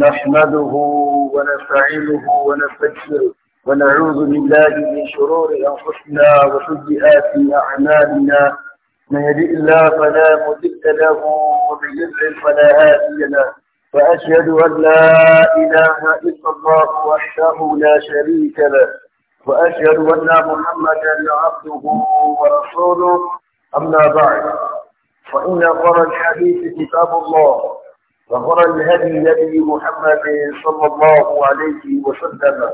نحمده ونستعينه ونستغفره ونعوذ بالله من شرور أنفسنا وسيئات أعمالنا من يهد الله فلا مضل له ومن يضلل فلا هادي له وأشهد أن لا إله إلا الله وحده لا شريك له وأشهد أن محمدا عبده ورسوله أما بعد فإن خرج الحديث كتاب الله وخر الهدي نبي محمد صلى الله عليه وسلم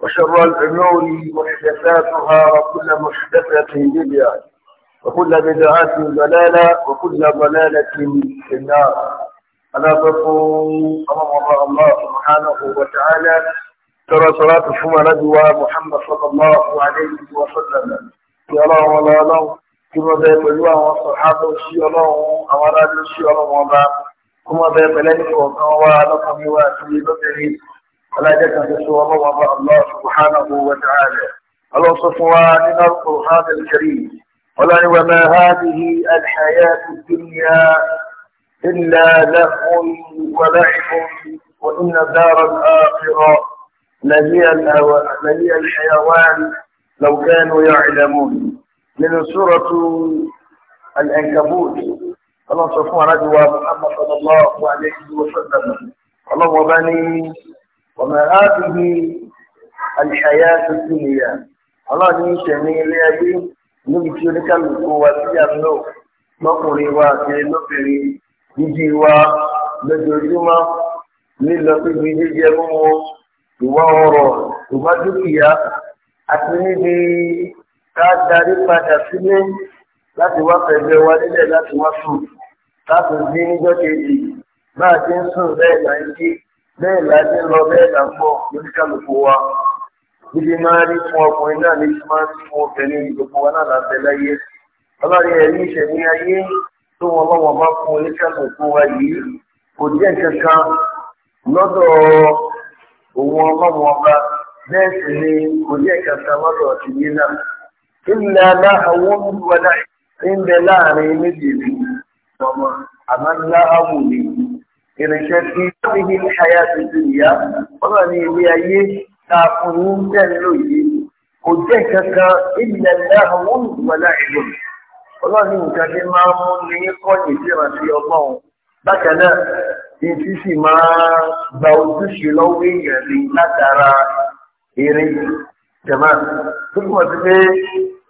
وشر الأمور محدثاتها وكل محدثة بدعة وكل بدعة ضلالة وكل ضلالة في النار أنا أقول الله الله سبحانه وتعالى ترى صلاة ثم ندوى محمد صلى الله عليه وسلم يا الله ولا الله كما ذا الله وصحابه الشيء الله أمراض الشيء الله kuma bai balani kọ̀ọ̀kan wá lọ́kùnrin wá sí lọ́kùnrin alájẹ́kan tó sọ ọmọ wọn bá Allah subhanahu wa ta'ala Allah sọ fún wa nínú al-Qur'an al-Karim ọlọ́ni wa ma hadhihi al-hayatu ad-dunya illa lahun wa la'ibun wa inna dara al-akhirah lahiya al-hayawan law kanu ya'lamun min suratu al-Ankabut ọlọ́run sọ fún aráàlú wa muhammad sallallahu alayhi wa sallam ọlọ́run ọba ní ọmọ aráàlú alìṣàyà tuntun nìyà ọlọ́run ní ìṣẹ̀mí ilé ayé níbi tí oníkàlùkù wa sí àmúlò lọ́kùnrin wa àti lóbìnrin jíjí wa lójoojúmọ́ lílọ síbi jíjẹ mímu ìwà ọrọ̀ ìwà dúkìá àti níbi ká darí padà sílé láti wá fẹ̀gbẹ́ wa nílẹ̀ láti wá sùn. láti ní níjọ́ kejì bá a ti ń sùn bẹ́ẹ̀ là ń jí bẹ́ẹ̀ là ti ń lọ bẹ́ẹ̀ là ń bọ̀ lóníkàlùkù wa níbi máa rí fún ọkùnrin náà ní ti máa ń fún obìnrin gbogbo wa náà lábẹ́ láyé ọlọ́rin ẹ̀rí ìṣẹ̀mí ayé tó wọn bá fún wa yìí kò kankan lọ́dọ̀ òun ọlọ́run ọba bẹ́ẹ̀ sì ni kò kankan lọ́dọ̀ náà ń bẹ láàrin méjèèjì. sọmọ àmàlá àwù ni irinṣẹ́ tí níbi ìṣayà tuntun ìyá ọlọ́run ní ilé ayé tá a fún un bẹ́ẹ̀ ló yìí kò jẹ́ kankan ilẹ̀ náà wọ́n ń wọlé ìlú ọlọ́run nǹkan tí máa mú ní kọ́yìn tí wọ́n fi ọgbọ́n bákan náà ìtí sì máa gba ojúṣe lọ́wọ́ èèyàn lè látara eré jẹ̀mọ́ tó túmọ̀ sí pé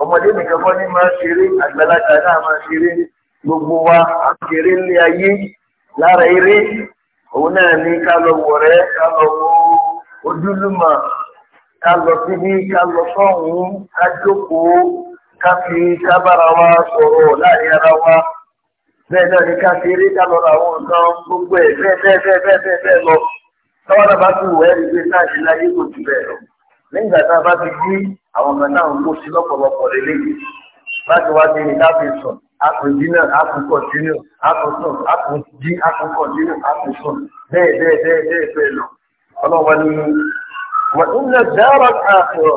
ọmọdé nìkan kọ́ ní máa ṣeré àgbàlagbà náà máa ṣeré gbogbo wa à ń kéré lé ayé lára eré òun náà ní ká lọ wọ̀rẹ́ ká lọ wo ojúlùmọ̀ ká lọ síbí ká lọ sọ́hún ká jókòó ká fi ká wa sọ̀rọ̀ láàrin ara wa bẹ́ẹ̀ náà ní ká fi eré ká lọ ra àwọn nǹkan gbogbo ẹ̀ bẹ́ẹ̀ bẹ́ẹ̀ bẹ́ẹ̀ bẹ́ẹ̀ bẹ́ẹ̀ bẹ́ẹ̀ lọ táwọn náà bá ti wọ̀ ẹ́ pé náà ṣe láyé kò jù bẹ́ẹ̀ lọ lẹ́yìn tá a bá ti gbé àwọn kan náà ń kó sí lọ́pọ̀lọpọ̀ lélẹ́yìn láti wá sí ní ká àtúndínà àtúnkọ̀dínà àtúnsùn àtúndí àtúnkọ̀dínà àtúnsùn bẹ́ẹ̀ bẹ́ẹ̀ bẹ́ẹ̀ bẹ́ẹ̀ bẹ́ẹ̀ lọ ọlọ́wọ́ ni wọ́n ń dára àtúrọ̀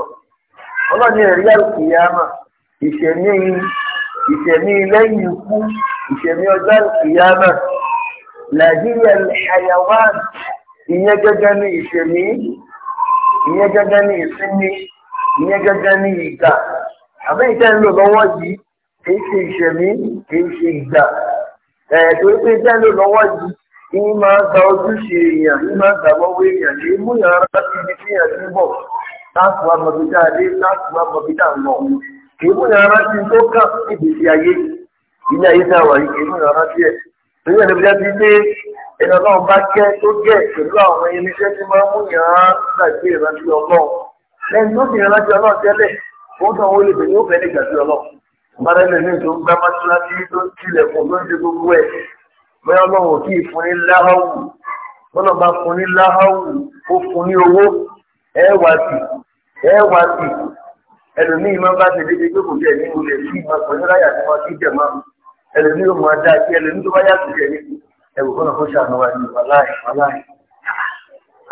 ọlọ́ni ẹ̀rí àlùkìyàmà ìṣẹ̀mí ìṣẹ̀mí lẹ́yìn ikú ìṣẹ̀mí ọjọ́ àlùkìyàmà làjíríà àyàwán ìyẹn gẹ́gẹ́ ní ìṣẹ̀mí ìyẹn gẹ́gẹ́ ní ìsinmi ìyẹn gẹ́gẹ́ ní ìgbà àbẹ́yìí ń lò lọ́wọ́ yìí kìí ṣe ìṣẹ̀mí kìí ṣe ìgbà ẹ̀ẹ́dọ̀ pé jẹ́lò lọ́wọ́ yìí ìní máa gba ojúṣe èèyàn ní máa gbà lọ́wọ́ èèyàn lè mú yàrá láti ibi tí èèyàn ti ń bọ̀ láti wá mọ̀bídà dé láti wá mọ̀bídà ń lọ kìí mú yàrá láti tó kàn ìgbésí ayé ilé ayé tá a wà yìí kìí mú yàrá sí ẹ̀ torí ẹ̀dọ̀ bíjá ti dé ẹ̀nà náà bá kẹ́ tó jẹ́ pẹ̀lú àwọn irinṣẹ́ tí máa mú yàrá gbàgbé ìrántí ọlọ́run lẹ́yìn tó sì ìrántí ọlọ́run tẹ́lẹ̀ ó bára lèmi tó ń gbá mọ́tíláṣí tó ń tilẹ̀kùn tó ń ṣe gbogbo ẹ̀ bóyá ọlọ́run kì í fún ní láhàwù bọ́lá bá fún ní láhàwù ó fún ní owó ẹ wá sí ẹ wá sí ẹlòmíì máa bá tẹ̀lé gbé kò jẹ́ ní olè sí ìmọ̀ pẹ̀lú láyà tí wọ́n ti jẹ̀ máa ẹlòmíì ó máa dá sí ẹlòmíì tó bá yàtọ̀ jẹ̀ ní ẹ̀wù kọ́nà kó ṣàánú wa ní wàláì wàláì.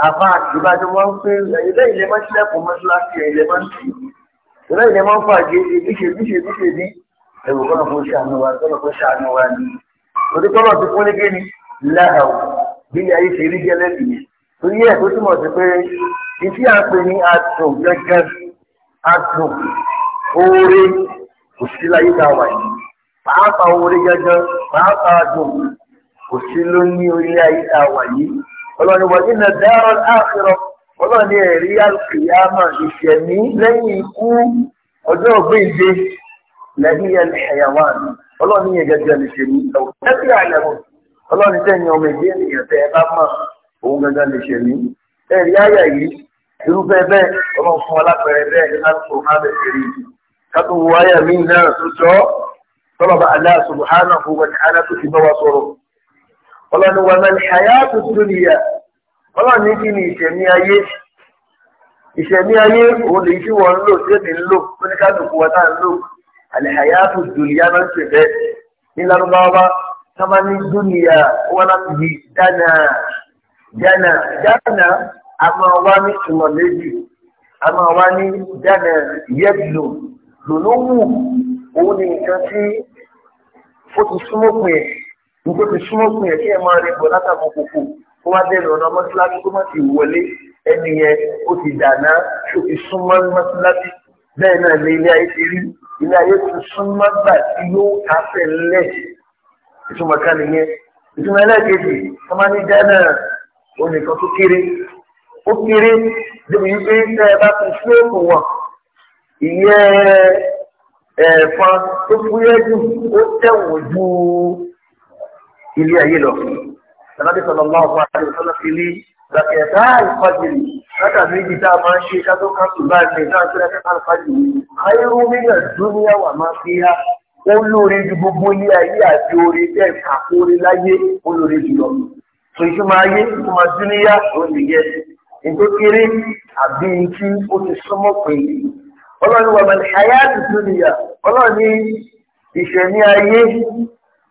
àbá àti ìbájọ́ wọn ń pè é ilé ìlẹ̀ máa ń ṣílẹ̀kùn mọ́tíláṣí ẹ̀ ilẹ̀ máa ń tì í ìrẹ́ ìdẹ́ máa ń fà gé ṣe bí ṣe bí ṣe bí ẹ̀rù kọ́nà kó ṣàánú wa kọ́nà kó ṣàánú wa ni òde kọ́nà ti fún ní kéde láhàwù bí ayé ṣe rí jẹ́ lẹ́bi yẹn torí ẹ̀ tó túmọ̀ sí pé ìtí à ń pè ní atùn gẹ́gẹ́ atùn oore kò sí láyé tá a wà yìí pàápàá oore gẹ́gẹ́ pàápàá atùn kò sí ló ní orílẹ̀ ayé tá a wà yìí ọlọ́run wà nínú dáhùn áfíràn ọlọ́run ní ẹ̀rí alùpùpù ìṣẹ̀mí lẹ́yìn ikú ọjọ́ ògbéǹde lẹ́yìn ẹ̀lẹ́ ẹ̀yàwó àná ọlọ́run ní ẹ̀gẹ́gẹ́ ìṣẹ̀mí ẹ̀fí àlẹ́mù ọlọ́run tẹ̀yìn ọmọ ìdí ènìyàn tẹ́ ẹ bá mọ̀ òun gẹ́gẹ́ ìṣẹ̀mí ẹ̀rí ayà yìí irúfẹ́ bẹ́ẹ̀ ọlọ́run fún alápẹ̀rẹ̀ bẹ́ẹ̀ ní alùpùpù mábẹ̀ kiri kátó wo ayà mí náà tó sọ tọ́lọ́ba Allah subhanahu wa ta'ala tó ti ọlọ́run ní kí ni ìṣẹ̀mí ayé ìṣẹ̀mí ayé òun lè tí wọ́n ń lò tẹ́mi ń lò oníkálukú wa táà ń lò àlẹ́hàyàtò dùnìyà máa ń ṣe bẹ́ẹ̀ ní lárúbáwá sábà ní dúnìyà wọn láti di dáná dáná dáná a máa wá ní ìmọ̀ méjì a máa wá ní dáná yẹ́dùlù lòlówù òun ni nǹkan tí ó ti súnmọ́kùn ẹ̀ nígbó ti súnmọ́kùn ẹ̀ kí ẹ máa rí bọ̀ látàmú kòkó kó wá dẹnu ọ̀nà mọ́sálásí kó má ti wọlé ẹni yẹn ó ti dàná ó ti súnmọ́ mọ́sálásí bẹ́ẹ̀ náà ní ilé ayé ti rí ilé ayé ti súnmọ́ gbà tí yóò kásẹ̀ lẹ̀ ìtumọ̀ kan nìyẹn ìtumọ̀ ẹlẹ́ẹ̀kejì wọ́n máa ní gánà onìkan tó kéré ó kéré débi wípé tẹ́ ẹ bá fi sílẹ̀kù wọn ìyẹ́ ẹ̀ẹ̀fọn tó fúyẹ́ jù ó tẹ̀wọ̀n ju ilé ayé lọ tàbí sọ̀rọ̀ máa wà ní ìtọ́lá sí ilé ìgbàkẹ̀ẹ́ta ìfọ́jìrì látà méjì tá a máa ń ṣe kátó kátó báyìí ní ìdáhùn sílẹ̀ kátó ìfọ́jìrì ayérú nígbà dúníà wà máa fi há ó lóore ju gbogbo ilé ayé àti oore tẹ́ kàkóore láyé ó lóore jùlọ so ìtumọ̀ ayé ìtumọ̀ dúníà ó nìyẹ ètò kéré àbí tí ó ti súnmọ́ pé ọlọ́run wà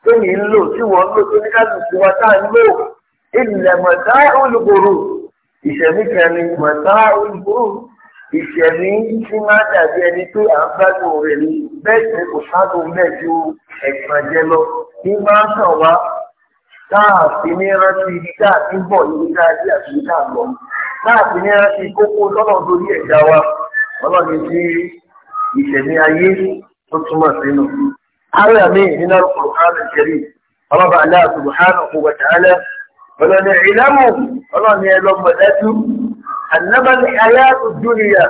tẹ́mi ń lò tí wọ́n ń lò tó ní káàdì tí wọ́n tá ń lò ilẹ̀ mọ̀tá olùgbòrò ìṣẹ̀mí kan ní mọ̀tá olùgbòrò ìṣẹ̀mí tí máa dàbí ẹni pé à ń gbádùn rẹ̀ ní bẹ́ẹ̀ ni kò sádùn bẹ́ẹ̀ ju ẹ̀gbọ́n jẹ lọ ní máa ń sàn wá táàfin ní rántí ibi táàfin bọ̀ níbi táàfin àti ibi táàfin lọ láti ní rántí kókó lọ́nà lórí ẹ̀dá wa ọlọ́ni tí ìṣẹ̀mí ayé tó túmọ̀ sínú. Ààrẹ mi nínú Al-Qur'an Al-Karim, ọlọ́ba Allah subhanahu wa ta'ala, ọlọ́ni ìlàmù, ọlọ́ni ẹlọ́mọ dájú, annaba ni hayatu dunya,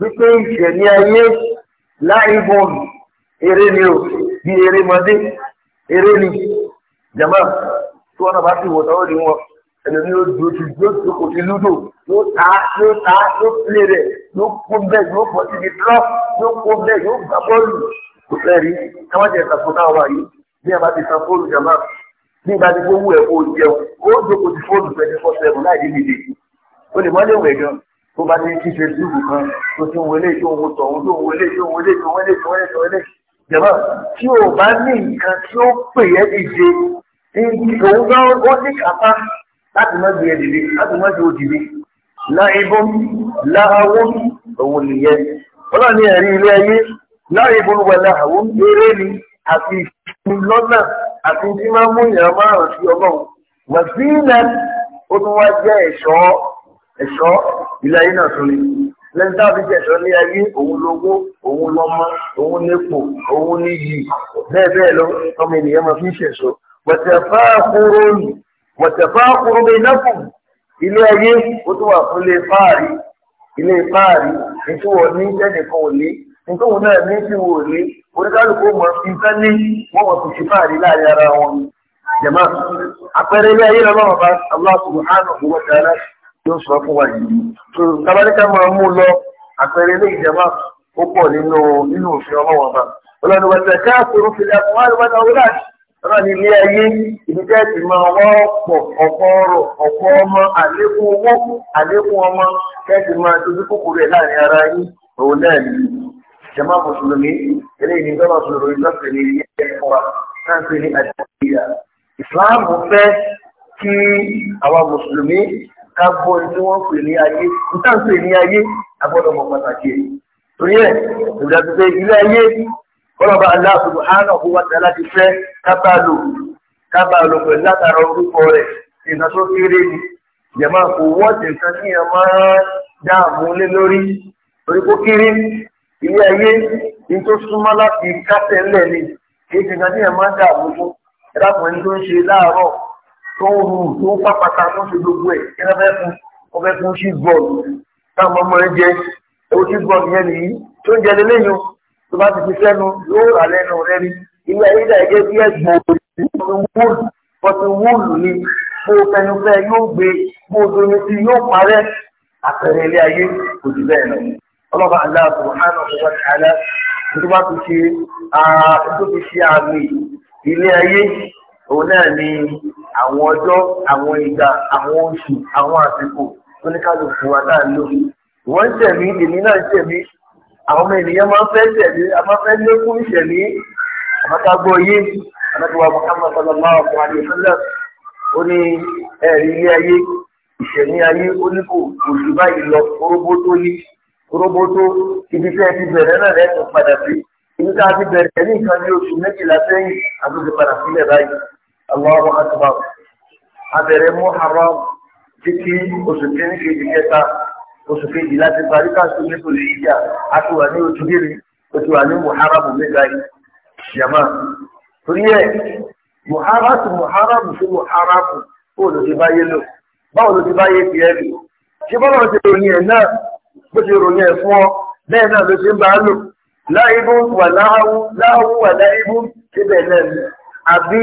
wípé ìṣẹ̀ ní ayé láìbọn, eré ni o, bí eré mọdé, eré ni, jama, tí wọ́n náà bá ti wọ̀ sọ́wọ́ ni wọn, ẹni ni ó dúró ti dúró ti kò ti lúdò, yóò ta, yóò ta, yóò pèlè rẹ̀, yóò kó bẹ́ẹ̀, yóò bọ́ síbi drọ́, yóò kó bẹ́ẹ̀, yóò gbá bọ́ọ̀lù kò fẹ́ rí káwọn jẹ ìtàkùn náà wà yìí bí àbá ti san fóònù jàmá bí ìgbà tí gbówó ẹ̀ kó jẹun ó jókòó ti fóònù twenty four seven láì níbi ìdè o lè mọ́lé ìwẹ̀ gan tó bá ní kí facebook kan tó ti ń wọlé tó ń wọtọ̀ òun tó ń wọlé tó ń wọlé tó ń wọlé tó ń wọlé tó ń wọlé jàmá tí o bá ní nǹkan tí ó pè é ìdè òun gan ó ní kápá láti má gbé ẹdìdì láti má gbé òdìdì láìbọn láhàwọ láàyè ìbúrúwẹ̀lẹ̀ àwọn eré ni àti ìfún lọ́nà àti tí máa mú ìyàn márùn sí ọlọ́run wàzílẹ̀ ó tún wá jẹ́ ẹ̀ṣọ́ ẹ̀ṣọ́ ilé ayé náà tó ní lẹ́yìn táàbí jẹ́ ẹ̀ṣọ́ ní ayé òun lówó òun lọ́mọ òun nípò òun níyì bẹ́ẹ̀ bẹ́ẹ̀ lọ ọmọ ènìyàn máa fi ń ṣẹ̀ṣọ́ wọ̀tẹ̀fá kúrò ní wọ̀tẹ̀fá kúrò ní lẹ́kùn ilé ayé ó tún wà fún ilé fáàrí ilé fáàrí nítorí wọn ní ẹnìkan ò ní nítorí òun náà ní ti wò rí oníkálukú mọ̀ fi tán ní wọ́n mọ̀ fi ṣe fáàrí láàrin ara wọn jẹ̀mọ́ àpẹẹrẹ ilé ayé lọ́wọ́ bá Allah subhanahu wa ta'ala yóò sọ fún wa yìí tó tabalẹ́ká máa mú lọ àpẹẹrẹ ilé ìjẹ̀mọ́ ó pọ̀ nínú nínú òfin ọlọ́wọ́ bá ọlọ́run wọ́n tẹ̀ ká àkóró fìlà fún wa lọ́wọ́ náà ọlọ́run ilé ayé ibi tẹ́ ti máa wọ́ pọ̀ ọ̀pọ̀ ọrọ̀ ọ̀pọ̀ ọmọ àlékún owó àlékún ọmọ tẹ́ ti máa dojú kòkòrò ẹ̀ láàrin ara yín òun náà jama mùsùlùmí eléyìí ní jọba mùsùlùmí lọ́sẹ̀ ní ilé ẹ̀kọ́ wa náà ń pè ní àdìyà ìsìláàmù fẹ́ kí àwa mùsùlùmí ká gbọ́ ní tí wọ́n pè ní ayé níta ń pè ní ayé agbọ́dọ̀ mọ̀ pàtàkì ẹ̀ torí ẹ̀ ìdàgbẹ́ ilé ayé ọlọ́ba Allah subhanahu wa ta'ala ti fẹ́ kábàá lò kábàá lò pẹ̀lú látara orúkọ rẹ̀ nǹkan tó kéré ni jẹ̀má kò wọ́ọ̀tì nǹkan tí yẹn máa dáàmú lé lórí torí kó kéré ilé ayé ní tó súnmọ́ láti kásẹ̀ ńlẹ̀ ni kìí ṣe nǹkan tí ẹ̀ máa ń dààmú fún ẹ̀dàkùnrin tó ń ṣe láàárọ̀ tó ń hu tó ń pàpàtà tó ń ṣe gbogbo ẹ̀ kí wọ́n fẹ́ fún wọ́n fẹ́ fún ṣíì bọ́ọ̀lù táwọn ọmọ rẹ̀ jẹ ewu ṣíì bọ́ọ̀lù yẹn nìyí tó ń jẹ lélẹ́yìn tó bá ti fi sẹ́nu yóò rà lẹ́nu rẹ̀ ni ilé ayé dà gẹ́gẹ́ bí ẹ̀gbọ́n bọ́tún wúlù ni bó fẹnufẹ́ yóò gbé bó domi sí yóò parẹ́ àpẹẹrẹ ọlọ́ba Allah subhanahu wa ta'ala tó bá fi ṣe tó fi ṣe àmì ilé ayé òun náà ni àwọn ọjọ́ àwọn ìgbà àwọn oṣù àwọn àsìkò tó ní kálukú wa náà lò wọ́n ń tẹ̀mí èmi náà ń tẹ̀mí àwọn ọmọ ènìyàn máa ń fẹ́ tẹ̀lé a máa fẹ́ lékún ìṣẹ̀lí àmọ́tàgbọ́ yé àmọ́tàgbọ́ Muhammad sallallahu alaihi wasallam ó ní ẹ̀rí ilé ayé ìṣẹ̀lí ayé ó ní báyìí lọ orógbó tó ní roboto ibi tí ẹ ti bẹ̀rẹ̀ náà lẹ́tọ̀ padà sí ibi tí a ti bẹ̀rẹ̀ ní nǹkan ní oṣù méjìlá sẹ́yìn àtúnṣe padà sílẹ̀ báyìí Allahu akbar abẹ̀rẹ̀ Muharram títí oṣù kìíní kejì kẹta oṣù kejì láti parí káṣù nítorí ìjà a ti wà ní oṣù kiri oṣù wà ní Muharram méga yìí jama torí ẹ Muharram sí sí Muharram báwo ló ti bá yé lò báwo ló ti bá yé tiẹ̀ lò ṣé báwo ló ti lò ní ẹ̀ náà bó ṣe ròyìn ẹ̀ fún ọ bẹ́ẹ̀ náà ló ṣe ń bá a lò láìbú wà láhàwú láhàwú wà láìbú síbẹ̀ náà ni àbí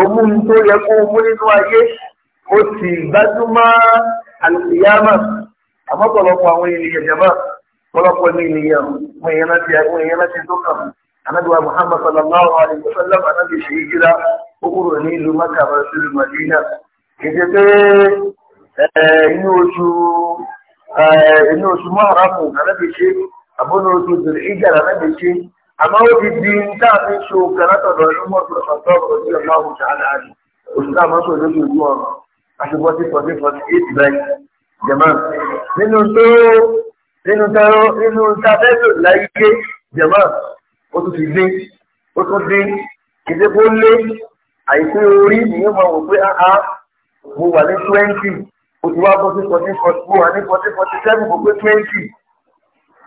òmùn tó yẹ kó mú nínú ayé ó sì gbájúmọ́ àlùyámà àmọ́ pọ̀lọpọ̀ àwọn ènìyàn jẹ̀mọ́ pọ̀lọpọ̀ ní ènìyàn wọn èèyàn láti àwọn èèyàn láti tó kàn anábìwá muhammad sallallahu alayhi wa sallam anábì ṣe hijira ó ní ìlú maka àbáṣe kìí ṣe pé inú oṣù Eh, inú oṣù mọ́hàrámù nàbẹ́bí ṣe àbúrò oṣù ìdìrí ìjà nàbẹ́bí ṣe àmọ́ ó ti di táàbí ṣo kẹrẹ́tọ̀dọ̀ ìmọ̀tò ọ̀tọ̀ọ̀rọ̀ ojú ẹ̀ máa wù sáàlà rẹ̀ oṣù náà mọ́tò lójú ìlú ọ̀rọ̀ àti forty forty forty eight bẹ́ẹ̀ jẹ̀mọ́ nínú tó nínú tẹ́rọ nínú tábẹ́lò láyé jẹ̀mọ́ ó tún ti dé ó tún dé kìdébó lé àìpé orí ni ó máa wò mo wà ní twenty mo ti wá bọ́ sí fourteen forty mo wà ní fourteen forty seven mo pé twenty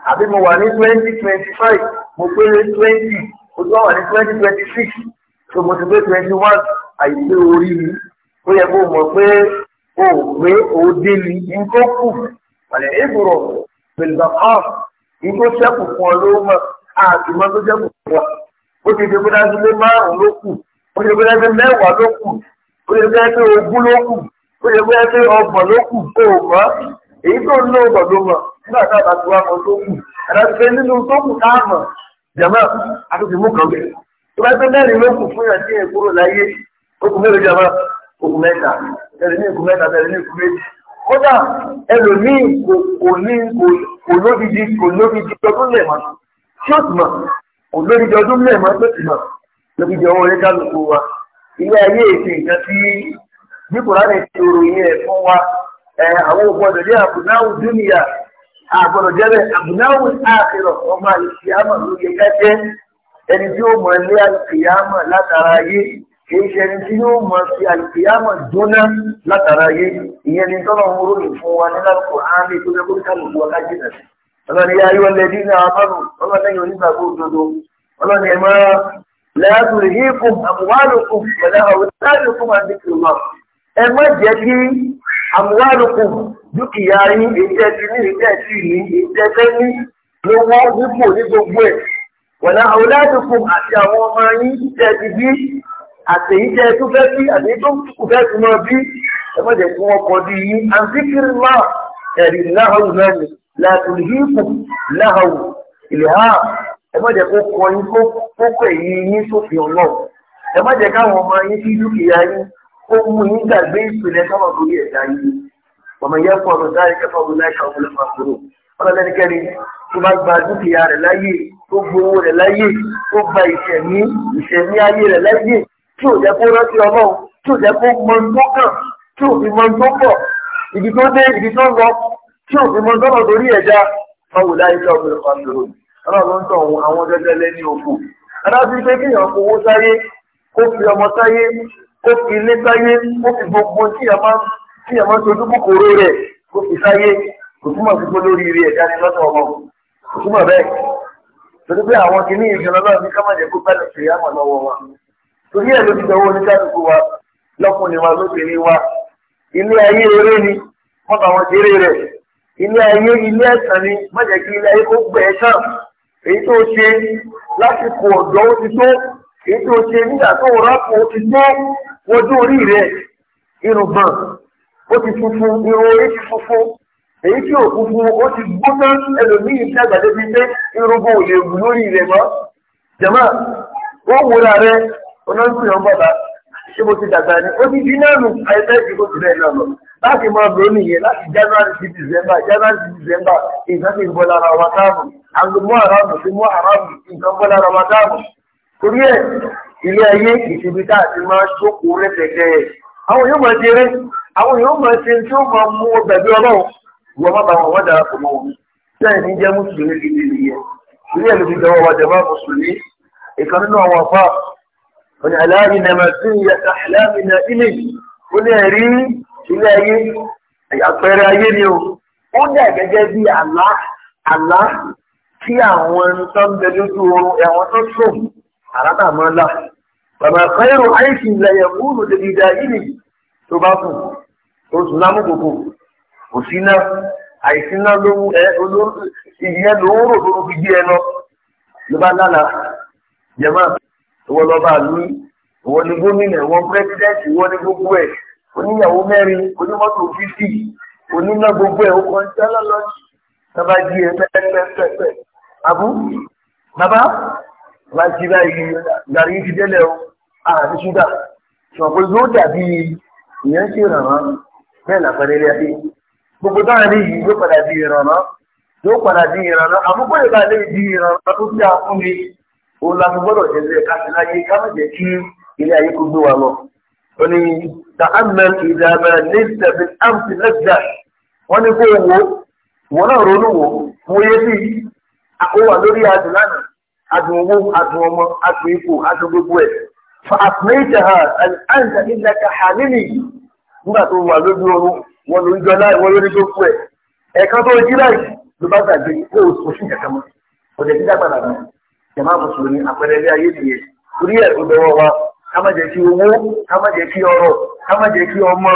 àbí mo wà ní twenty twenty five mo pé twenty mo ti wá wà ní twenty twenty six so mo ti pé twenty one àìsí orí mi ó yẹ kó mọ̀ pé o ò pé o dé mi nǹkan kù wàlẹ̀ ìbùrọ̀ pẹ̀lú ọ̀hún nǹkan ṣẹ́kù fún ọ ló mọ̀ àti mọ́ tó ṣẹ́kù fún ọ ó ti dẹ́gbẹ́dájú lé márùn-ún ló kù ó ti dẹ́gbẹ́dájú mẹ́wàá ló kù ó ti dẹ́gbẹ́dájú ogún ló kù ó yẹ bóyá pé ọgbọ̀n ló kù kó o mọ̀ èyí tó ń lo ọgbọ̀n ló mọ̀ nígbà tá a bá ti wá mọ tó kù àdàpẹ́ nínú tó kù tá a mọ̀ jàmá àtúntì mú kàn bẹ́ẹ̀ tó bá tó mẹ́rin ló kù fún yàn tí yẹn kúrò láyé ó kù mẹ́rin jàmá ó kù mẹ́ta bẹ́ẹ̀ ní ìkù mẹ́ta bẹ́ẹ̀ ní ìkù méjì kódà ẹlòmíì kò kò ní kò lódìdí kò lódìdí ọdún lẹ́ẹ̀mọ́ tí ó ti mọ̀ kò lódìdí ọdún lẹ́ẹ̀mọ́ tó ti mọ̀ lódìdí ọwọ́ rẹ̀ kálukú wa ilé ayé ètò ìjọ tí bí kùránì ti ròyìn ẹ̀ fún wa àwọn ògbọ́dọ̀ jẹ́ àbùnáwù dúnìyà àgbọ̀dọ̀ jẹ́ bẹ́ẹ̀ àbùnáwù àkìrọ̀ ọmọ àlùkìyàmọ̀ ló yẹ kẹ́kẹ́ ẹni tí ó mọ̀ ilé àlùkìyàmọ̀ látara ayé kìí ṣe ẹni tí yóò mọ̀ sí àlùkìyàmọ̀ jóná látara ayé ìyẹn ni tọ́lọ̀ ń ròyìn fún wa ní lárúkọ ámì tó fẹ́ kó kálukú wa ká jìnà sí ọlọ́ni ayé wọn lẹ́dí náà fọ́nù ọlọ́ni onígbàgbọ́ òdodo ọlọ́ni ẹ̀ máa lẹ́yìn àtúnṣe yìí kún àbúwálùkún pẹ̀lú àwọn ìtàjù fún àdìkì ọlọ́run ẹ má jẹ́ kí àmúwárùkù dúkìá yín ètò ẹtì ní ètò ẹtì ní ètò ẹtì ní ló wọ́n wípò ní gbogbo ẹ̀ wọ̀nà àwòládùkù àti àwọn ọmọ yín ètò ẹtì bí àtẹ̀yíṣẹ́ tó fẹ́ sí àtẹ̀yí tó kù fẹ́ sí mọ́ bí ẹ má jẹ́ kí wọ́n kọ́ di yín àǹtíkìrì máa ẹ̀rí láhàwù náà ni láti hípù láhàwù ìlẹ̀hà ẹ má jẹ́ kó kọ́ yín kó kọ́ èyí yín sófin ọlọ́run ẹ jẹ́ káwọn ọmọ yín sí dúkìá yín ó mú yín gbàgbé ìpìlẹ̀ sọ́nà lórí ẹ̀dá yìí ọmọ ìyá fún ọ̀rọ̀ dáre kẹfà wọlé àṣà òwúlẹ̀ fàkúrò ọlọ́lẹ́nikẹ́ni tó bá gba dúkìá rẹ̀ láyé tó gbowó rẹ̀ láyé tó gba ìṣẹ̀mí ìṣẹ̀mí ayé rẹ̀ láyé tí ò jẹ́ kó rántí ọlọ́run tí ò jẹ́ kó mọ tó kàn tí ò fi mọ tó pọ̀ ibi tó dé ibi tó lọ tí ò fi mọ tọ́nà lórí ẹ̀dá fàwọlẹ̀ àṣà òwúlẹ̀ fàkúrò ọlọ́run tó àwọn gẹ́gẹ́ lẹ́ni òkú adájọ́ pé kéèyàn fowó sáyé kó fi ọmọ sáyé ó fi ilé sáyé ó fi gbogbo tí a máa tí a máa sojú kòkòrò rẹ̀ ó fi sáyé kò túmọ̀ sí pé lórí rí ẹ̀dá ni lọ́dọ̀ ọmọ kò túmọ̀ bẹ́ẹ̀ torí pé àwọn kìíní ìṣẹ̀lẹ̀ náà ní kámẹ́jẹ kó bẹ́ẹ̀ lọ́sẹ̀ yá mọ̀ lọ́wọ́ wa torí ẹ̀ ló ti dánwó oníkálukú wa lọ́kùnrin wa lóbìnrin wa ilé ayé eré ni wọ́n bá wọn ṣeré rẹ̀ ilé ayé ilé ẹ̀sán ni má jẹ́ kí ilé ayé kó gbẹ̀ ẹ́ sàn èyí tó ṣe lásìkò ọ̀dọ́ ó ti tó èyí tó ṣe nígbà tó rọ́pò ó ti tó wojú orí rẹ̀ irun gbọ̀n ó ti funfun irun orí ti funfun èyí tí ò funfun ó ti gbóná ẹlòmíì tí àgbàdo fi dé irun bò lè wù lórí rẹ̀ mọ́ jẹ̀mọ́ wọ́n wúra rẹ̀ onáńtì ọ̀n bàbá ṣé mo ti dàgbà ni ó ti di náà nù ti náà lọ láti máa nìyẹn láti january to december january to december nǹkan ti ń bọ́ lára wa káàmù mú nǹkan bọ́ lára wa ilé ayé ìṣubí tá a ti máa jókòó lẹ́sẹ̀kẹ́ àwọn yóò máa ṣeré àwọn yóò máa ṣe tí ó máa mú ọgbà bí ọlọ́run wọ́n má ba wọn wọ́n dára pọ̀ mọ́ wọn sẹ́yìn ní jẹ́ mùsùlùmí gidi nìyẹn ilé ẹ̀ ló fi dọwọ́ wa jẹ̀mọ́ mùsùlùmí ìkan nínú àwọn afá òní aláàbí nàmà sí yàtà aláàbí nà ilé ó ní ẹ̀rí ilé ayé àpẹẹrẹ ayé ni o ó dà gẹ́gẹ́ bí àlá àlá tí àwọn tó ń bẹ lójú oorun ẹ̀wọ̀n tó sòmù àràtà máa là bàbá kẹ́rù àìsí ìlẹ̀yẹ̀ kúrò dèbìdà ìlì tó bá kù tó sùn lámùkòkò kò sí náà àìsí náà lówó ẹ olóró ìyẹn lówó rò tó fi gbé ẹ lọ ló bá lálàá jẹ̀mọ́ ìwọ lọ́ba àlùyí ìwọ ni gómìnà ìwọ pírẹsidẹ́ǹtì ìwọ ni gbogbo ẹ̀ oníyàwó mẹ́rin onímọ́tò fífì oníná gbogbo ẹ̀ ọkọ̀ ní tẹ́lẹ̀ lọ́jì bàbá jí ẹ pẹ́ẹ́pẹ́ẹ́pẹ́ àbú bàbá wá sí báyìí gàrí ti délẹ̀ o àti ṣúgà ṣọ̀pọ̀ yóò dàbí ìyẹn ṣe rànán bẹ́ẹ̀ làpẹẹrẹ ilé adé gbogbo táwọn ilé yìí yóò padà di ìrànán yóò padà di ìrànán àkókò yóò padà di ìrànán tó fi àfún mi òun la fi gbọ́dọ̀ jẹ́ bẹ́ẹ̀ káṣí láyé ká má jẹ́ kí ilé ayé kó gbé wa lọ. ó ní ta'ammal idha ma laysa bil amsi lẹ́gbẹ̀ẹ́ wọ́n ní kó wo wọ́n náà ronú wo mo adùn owó adùn ọmọ adùn ipò adùn gbogbo ẹ̀ fa àpèjì ha àǹtà ilẹ̀ kàhà nílì yìí nígbà tó wà lójú wọn lórí jọ wọn lórí gbogbo ẹ̀ ẹ̀ka tó jí láì ló bá gbàgbé ó oṣù kankan mọ́ ọ̀dẹ̀ dídá padà mọ́ jẹ̀má mùsùlùmí àpẹẹrẹ ilé ayé nìyẹn ẹ̀ tó wa ká má jẹ́ kí owó ká má jẹ́ kí ọrọ̀ ká má jẹ́ kí ọmọ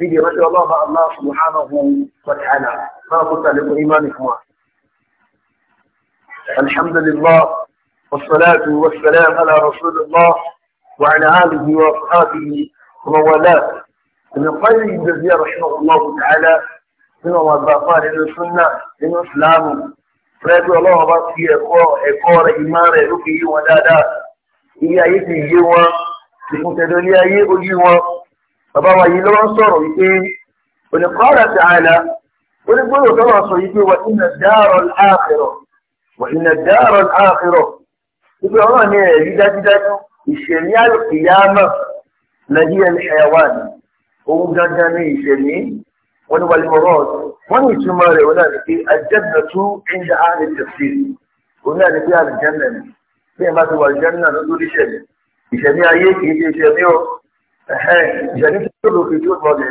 بيجي ما الله مع الله سبحانه وتعالى ما قلت لإيمانكم الحمد لله والصلاة والسلام على رسول الله وعلى آله وأصحابه وموالاه من قيل الذي رحمه الله تعالى من الله قال إن السنة إن الإسلام فرد الله بس هي قار قار ودادا هي أيتي جوا في متدولي bàbá wa yìí lọ́wọ́ sọ̀rọ̀ wípé olùkọ́ra ti àlà onígbòrò tó wàá sọ wípé wà iná dáàrọ̀ àkìrọ̀ wà iná dáàrọ̀ àkìrọ̀ wípé ọ̀rọ̀ ni ẹ̀rí dájúdájú ìṣẹ̀lẹ̀ àlùkìyàmọ̀ lẹ́yìn ẹ̀lẹ́hẹ̀wà ni òun dandan ní ìṣẹ̀lẹ̀ wọn ni wàlúwọ̀ rọ̀ wọn ní ìtumọ̀ rẹ̀ wọn náà ní pé àjẹ́nà tú ẹ̀ńdà tẹ̀sí òun náà ní pé àlùjẹ́nà ni bí ẹ̀ bá ti wà àlùjẹ́nà lórí ìṣẹ̀lẹ̀ ìṣẹ̀lẹ̀ ayé kì í ṣe ìṣẹ̀lẹ̀ ọ̀ ìṣẹ̀mí tó lòkè tí ó lọ lẹ̀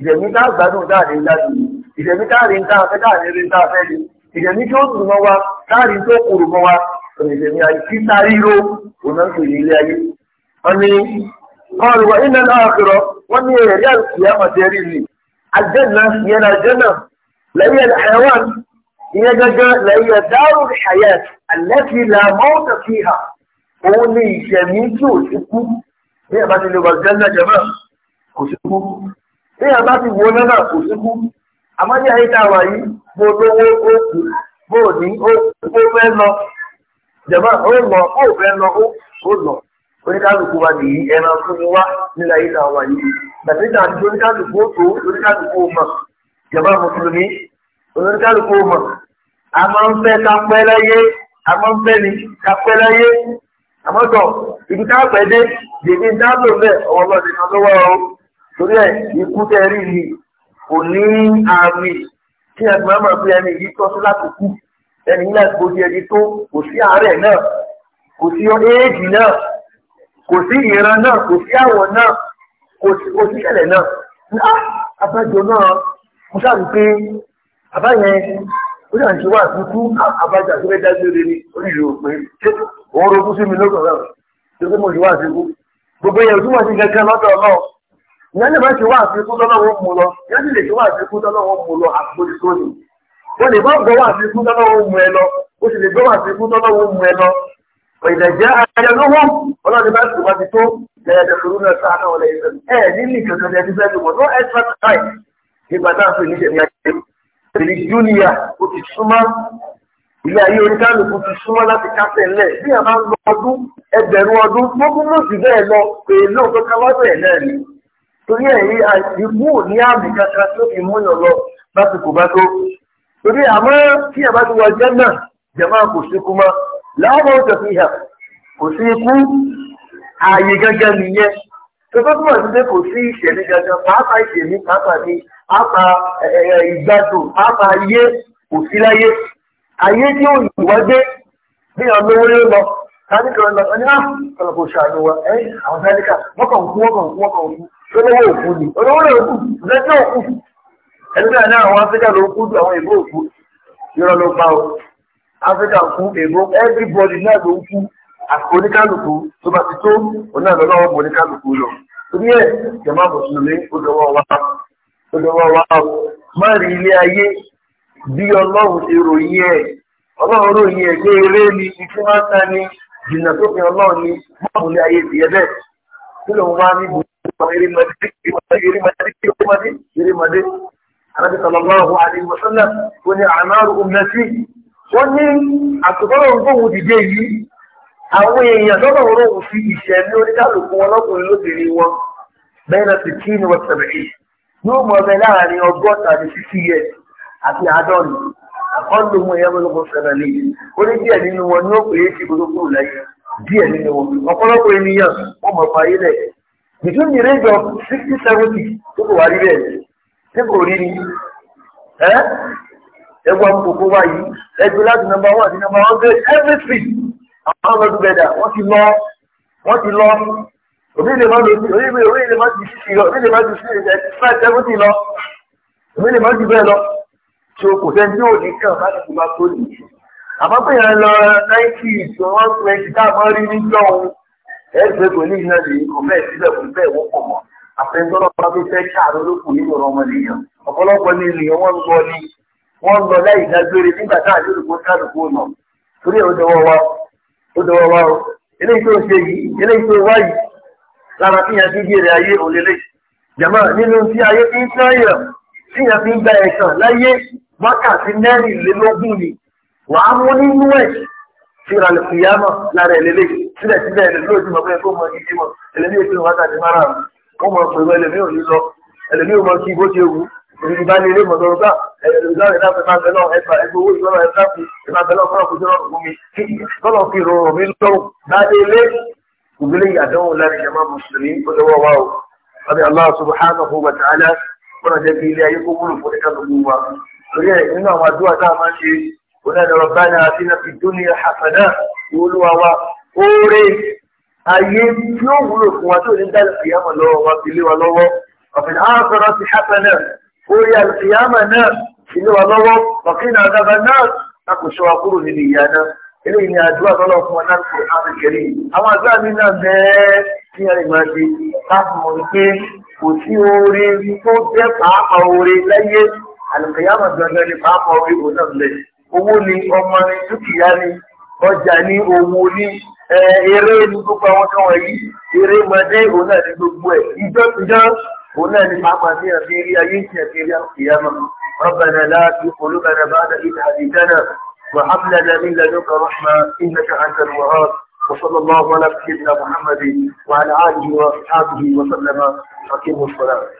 ìṣẹ̀mí tá gbádùn dáàrin gbádùn ìṣẹ̀mí táàrin tá fẹ́ dáàrin rí tá fẹ́ rí ìṣẹ̀mí tí ó dùn mọ́ wa táàrin tó kúrò mọ́ wa ìṣẹ̀mí ayé tí tárí ró òun kò ní ilé ayé. wọ́n ní kọ́ọ̀lù wa iná náà sọ̀rọ̀ wọ́n ní ẹ̀rí àti àmọ̀tẹ́rì ni àjẹ́nà ìyẹn àjẹ́nà lẹ́yìn àyẹ̀wọ̀n ìyẹn gẹ́gẹ́ lẹ́yìn dáàrú ìṣàyẹ̀ àlẹ́fìlà mọ́ọ̀tà fìhà òun ní ìṣẹ̀mí tí ò bí ẹ̀ bá ti lè wà jẹ́lẹ̀ jẹ́mọ́ kò sí kú bí ẹ̀ bá ti wọ náà kò sí kú àmọ́ ní ayé tá a wà yìí mo lówó ó kú mo ní ó fẹ́ lọ ó lọ ó fẹ́ lọ ó lọ wa nìyí ẹran fún mi wá nílẹ̀ ayé tá a wà yìí tàbí tàbí oníkálukú ó tó oníkálukú ó mọ̀ mùsùlùmí ó mọ̀ a ń fẹ́ kápẹ́ láyé a àmọ́tọ̀ ibi tá a pẹ́ dé dèbí ń dáàbò bẹ́ẹ̀ ọwọ́ lọ́dẹ kan lọ́wọ́ o torí ẹ̀ ikú tẹ́ rí ni kò ní àmì kí ẹ máa máa fi ẹni yìí tọ́sí láti kú ẹni yìí láti bójú ẹni tó kò sí àárẹ̀ náà kò sí éèdì náà kò sí ìran náà kò sí àwọ̀ náà kò sí ìṣẹ̀lẹ̀ náà náà abájọ náà mo sáàbù pé àbáyẹn ó dàn ṣe wà àtúntú àbájọ àti fẹ́ dágbére ní orílẹ̀ òpin ṣé wọ́n rogún sí mi lókàn rẹ̀ tí ó mú ìwà àfikún gbogbo èèyàn túmọ̀ sí kankan lọ́dọ̀ náà ìyẹn lè má ṣe wá àfikún tọ́lọ́wọ́ mú lọ ìyẹn sì lè ṣe wá àfikún tọ́lọ́wọ́ mú lọ àpòjù tó ní o lè má gbọ́ wá àfikún tọ́lọ́wọ́ mú ẹ lọ o sì lè gbọ́ wá àfikún tọ́lọ́wọ́ mú ẹ lọ ìdẹ̀jẹ́ ayẹlówó ọlọ́dún bá sùn wá tó lẹ́yẹ̀dẹ̀ ilé ayé oníkálukú ti súnmọ́ láti kásẹ̀ ńlẹ̀ bí a bá ń lọ ọdún ẹgbẹ̀rún ọdún gbogbo lòdì bẹ́ẹ̀ lọ pé lóòótọ́ ká wájú ẹ̀ náà ni torí ẹ̀yìn àìsíkú ní àmì kankan tó fi múyàn lọ lásìkò bá tó torí àmọ́ kí a bá ti wọ ẹgbẹ́ náà jẹ̀mọ́ kò síkú mọ́ láwọn ọ̀sẹ̀ fi hàn kò sí ikú ààyè gángan nìyẹn tó tó túmọ̀ sí pé kò sí ìṣẹ̀lẹ̀ gángan pàápàá ìṣẹ̀lẹ̀ pàápàá ni pàápàá ìgbádùn pàápàá ayé kò sí láyé ayé tí ó yìí wá dé bí wọn lówó yóò lọ táníkà lọ kọlọ kò ṣàánú wa ẹ àwọn mọkàn kú mọkàn kú mọkàn kú olówó òkú ni olówó lè kú lẹjọ òkú ẹni náà ní àwọn ló kú ju àwọn èbó òkú yọrọ ló bá o áfíríkà kú èbó everybody náà ló kú àti tó bá ti tó òun náà lọ́wọ́ bí ọlọ́run ti ròyìn ẹ̀ ọlọ́run ròyìn ẹ̀ pé eré ni ikú máa ń ta ni jìnnà tó fi ọlọ́run ni ayé bẹ́ẹ̀ kí wá ní gbogbo ó àwọn èèyàn lọ́nà òun fi lóbìnrin wọn bẹ́ẹ̀ náà àti àádọ́rin àkọ́ńdò mú ẹ̀yẹ́ mọ́lọ́kọ́ sẹ́rẹ̀ lè ó ní díẹ̀ nínú wọn ní ó pè é sí gbogbo lẹ́yìn díẹ̀ nínú wọn ọ̀pọ̀lọpọ̀ ènìyàn wọ́n mọ̀ parí lẹ̀ between the range of sixty seventy tó kò wá rí bẹ́ẹ̀ tí kò rí ni ẹ́ ẹgbọ́n kòkó wáyé ẹgbẹ́ láti nọmba one àti nọmba one hundred everything àwọn ọmọ ẹgbẹ́ dà wọ́n ti lọ wọ́n ti lọ òbí lè má lò sí òbí lè má ti sí òbí lè má ti sí ẹ̀ tí o kò sẹ́ni tí ò ní kàn láti fi bá tó lè ṣe. àmọ́ pé yẹn lọ náìkì tó wọ́n tún ẹ ti dáàmọ́ rí níjọ́ òun ẹgbẹ́ kò ní iná lè kò bẹ́ẹ̀ sílẹ̀ kò bẹ́ẹ̀ wọ́pọ̀ mọ́ àfẹnudọ́rọ̀ bá tó fẹ́ ṣàánú ló kù nínú ọmọ nìyẹn ọ̀pọ̀lọpọ̀ ní ilé wọn lọ ní wọn lọ láì dágbére nígbà tá àlè olùkó kálukó nà torí ẹ̀ ó dọwọ́ nínú tí ayé ń sáyà fíyàn fi ń gba ẹ̀sán láyé wákàtí mẹ́rìnlélógún ni wà á mú nínú ẹ̀ síra lè fi yá mọ̀ lára ẹ̀lẹ́lẹ́ lélẹ̀ síbẹ̀síbẹ̀ ẹ̀ lójú mọ̀ pé kó mọ gidi mọ̀ ẹlẹ́mí ètò wákàtí mara ó mọ pẹ̀lú ẹlẹ́mí ò ní lọ ẹlẹ́mí ò mọ kí bó ṣe wù ìrìn bá ní ilé mọ̀ lọ́rọ́ gbà ẹ̀ẹ́dọ́rẹ́ ìgbélé ìyàdánwò láàrin ìjọba mùsùlùmí ó lọ́wọ́ wa o. Abi Allah subhanahu wa ta'ala, wọ́n jẹ́ kí ilé ayé kó wúlò fún ìkàlùkù wa. torí ẹ̀ nínú àwọn àdúrà tá a máa ń ṣe onáni rabbana atina fid dunya hasana olúwa wa oore ayé tí ó wúlò fún wa tó ní dálẹ̀ fìyàmọ̀ lọ́wọ́ wa fi lé wa lọ́wọ́ ọ̀fìn ààfẹ́rọ́ ti hasana oore àlùfìyàmọ̀ náà fi lé wa lọ́wọ́ ọ̀fìn àdàbà náà a kò ṣọ́ wa kúrò nínú ìyá náà eléyìí ni àdúrà tọ́lọ̀ fún wa náà kò hàn kẹrì àwọn àdúrà mi náà bẹ́ẹ̀ tí a lè máa ṣe láti mọ̀ kò sí oore tó jẹ́ pàápàá oore lẹ́yẹ القيامة دانجاني فاقا ويقو نغلي أموني أماني سكياني وجاني أموني إيري مدي ربنا لا في قلوبنا بعد إذ هديتنا وحب من لدنك رحمة إنك أنت الوهاب وصلى الله على سيدنا محمد وعلى آله وأصحابه وسلم أقيموا الصلاة